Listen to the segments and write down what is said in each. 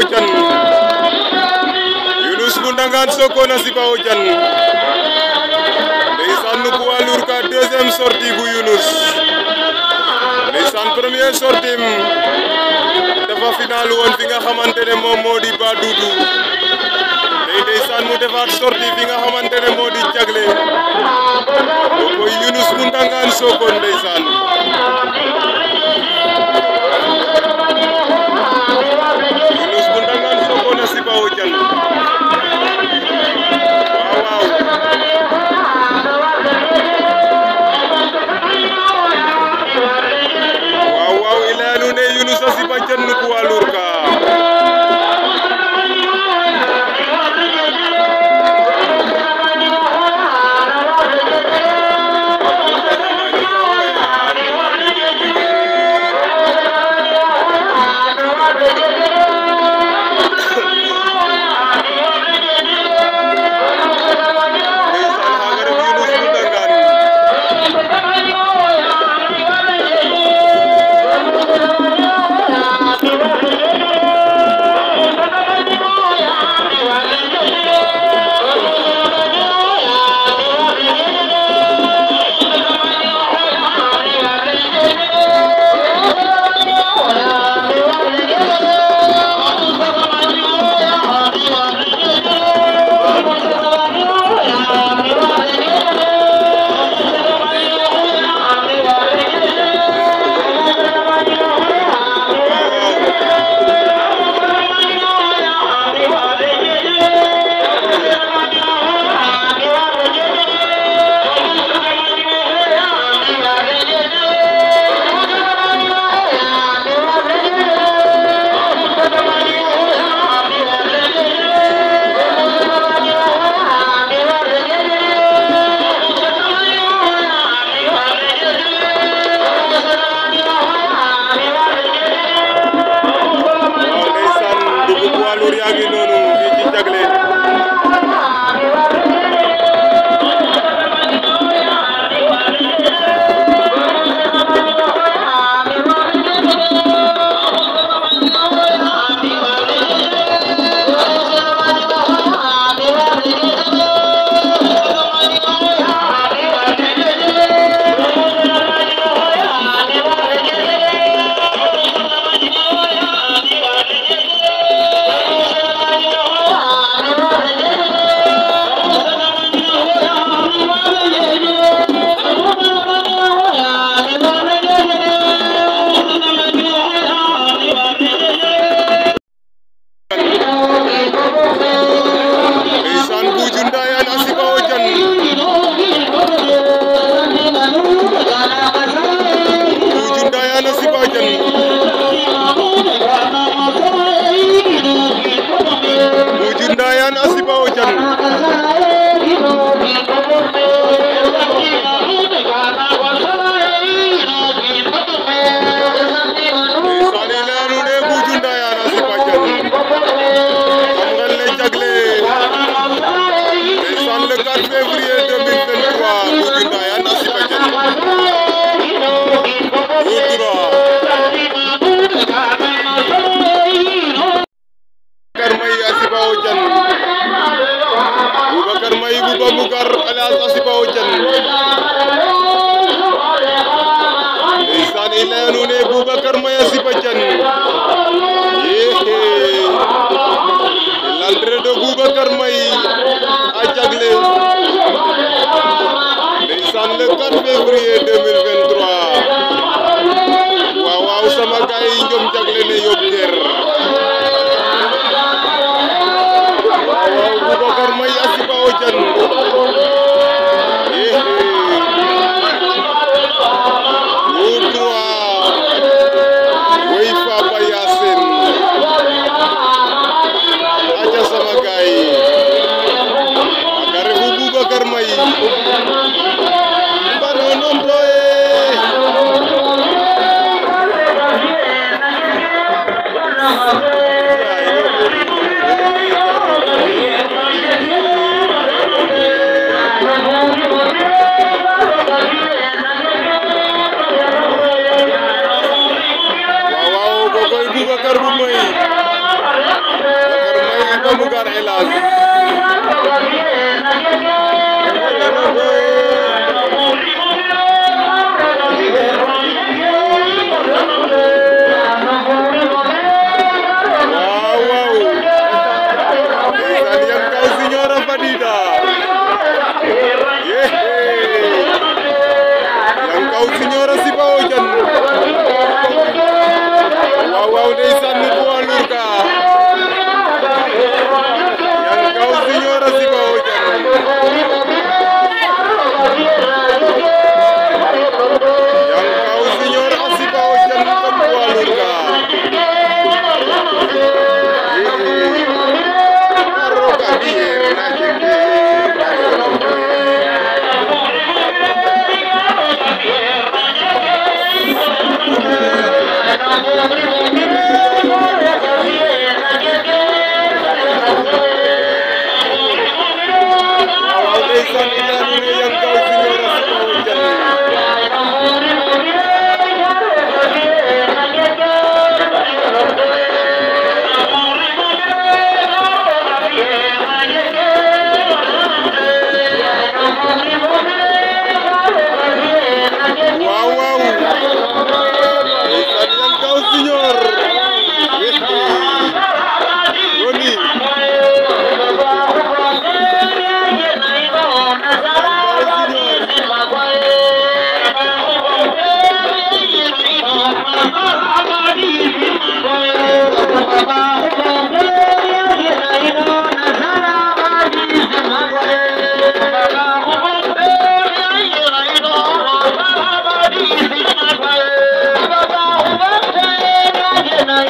Ojan Yunus bu Ndangaan Sokone a sipa Ojan ndeysaan nu poids lourd ka deuxième sortie bu Yunus ndeysaan première sortie dafa final woon fi nga xamante ne moom moo di Ba Doudou tey ndeysaan mu defaat sortie fi nga xamante ne moo di jagle ko Yunus bu Ndangaan Sokone ndeysaan yóbbu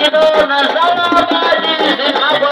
Субтитры сделал DimaTorzok